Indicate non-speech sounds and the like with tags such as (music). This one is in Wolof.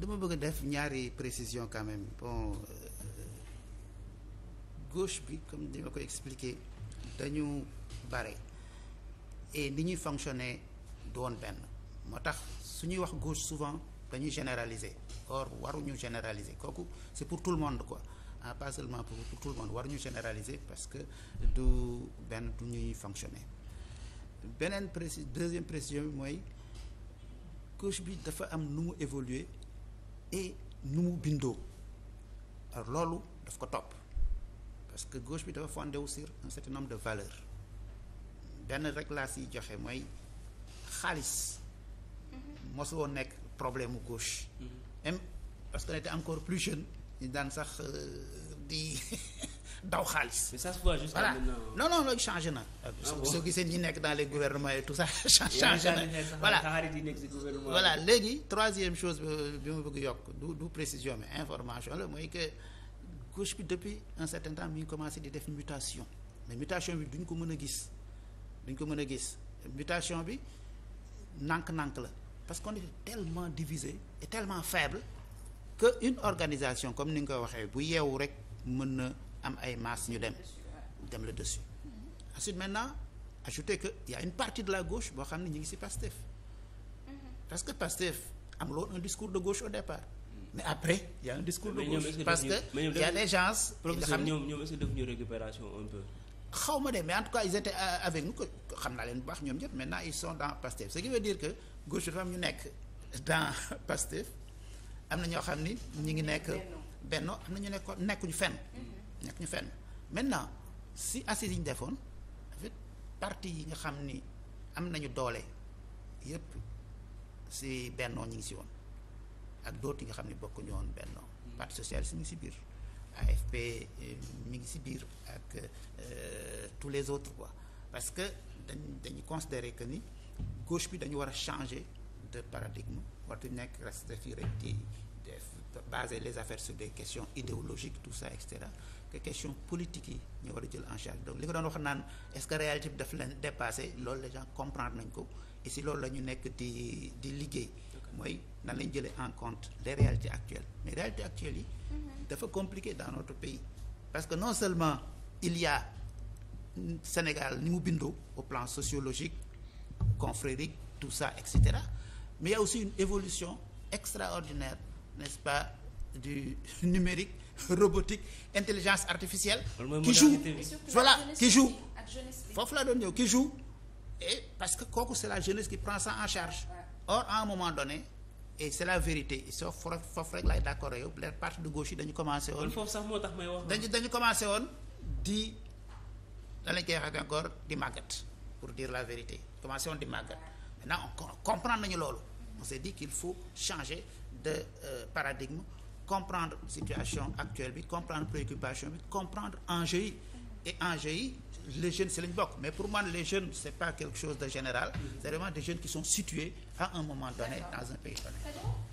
dama bëgg a def ñaari précision quand même bon euh, gauche bi comme ni ma ko expliquer dañu bare et ni ñuy fonctionner doon benn moo tax su ñuy wax gauche souvent dañuy généraliser or waruñu généraliser kooku c'est pour tout le monde quoi ah pas seulement pour, pour tout le monde waruñu généraliser parce que du benn du ñuy fonctionner beneen précis deuxième précision bi mooy gauche bi dafa am nu mu évoluer et nu mu bindoo loolu daf ko topp parce que gauche bi dafa fondé wu sur un certain nombre de valeurs benn rek laa siy joxe mooy xaalis mosu woon nekk problème mu gauche mm-hmm. parce que on était encore plus jeune ñu daan sax euh, di (laughs) daw xaalis. mais ça se voit jusqu'à loolu changé na. Ah soo gisee ñi nekk dans les gouvernement et tout ça. (laughs) changé na voilà voilà léegi troisième chose euh, bi ma bëgg yokk du du précision mais information la mooy que gauche bi depuis un certain temps mi ngi commencé di def mutation mais mutation bi duñ ko mën a gis duñ ko mën a gis mutation bi nànk-nànk la parce qu'on est tellement divisé et tellement faible que une organisation comme ni nga ko waxee bu yeewu rek mën na. am ay masse ñu dem dem le dessus ensuite maintenant ajouter que y a une partie de la gauche boo xam ne ñu ngi ci Pastef mm-hmm. parce que Pastef am loolu un discours de gauche au départ mais après y a un discours de gauche parce que y a des gens yi nga xam ne ñoom est-ce que def ñu euh, ñoom ñëpp maintenant ils sont dans Pastef ce qui veut dire que gauche dafa am nekk dans Pastef am na ñoo xam ni ñu ngi nekk benno am na ñu nekk nekkuñu fenn mm-hmm. nekk ñu fenn maintenant si assises yi ñu defoon en fait parti yi nga xam ni am nañu doole yépp si bennoo ñu ngi si woon ak d'autres yi nga xam ni bokk ñu woon bennoo hmm. parti socialiste ñu ngi si biir AFP eh, mi ngi si biir ak euh, tous les autres quoi parce que dañ dañu considérer que ni gauche bi dañu war a changer de paradigme wartu nekk reste fii rek di def baser les affaires sur des questions idéologiques tout ça et cetera que question politique yi ñu war a jël en charge donc li ko doon wax naan est-ce que réalité bi daf leen dépassé loolu les comprendre nañ ko et si loolu la ñu nekk di di liggéey mooy na lañ jëlee en compte les réalités actuelles mais réalités actuelles yi mhm. dafa compliqué dans notre pays parce que non seulement il y a Sénégal ni mu bindoo au plan sociologique confrérique tout ça et cetera mais il aussi une évolution extraordinaire n'est-ce pas du numérique robotique intelligence artificielle qui joue voilà qui joue foofu laa doon ñëw qui joue et parce que kooku c'est la jeunesse qui prend ça en charge or à un moment donné et c'est la vérité soo foofu rek laay d'accord yow les partis de gauche yi dañu commencé woon foofu sax moo tax may wax dañu dañu commencé woon di da lañ koy waxee encore di màggat pour dire la vérité commencé woon di màggat naa on comprendre nañu loolu on s'est dit qu'il faut changer de euh, paradigme comprendre situation actuelle bi comprendre préoccupation bi comprendre enjeu et enjeu yi les jeunes c'est bokk mais pour moi les jeunes c'est pas quelque chose de général c'est vraiment des jeunes qui sont situés à un moment donné dans un pays donné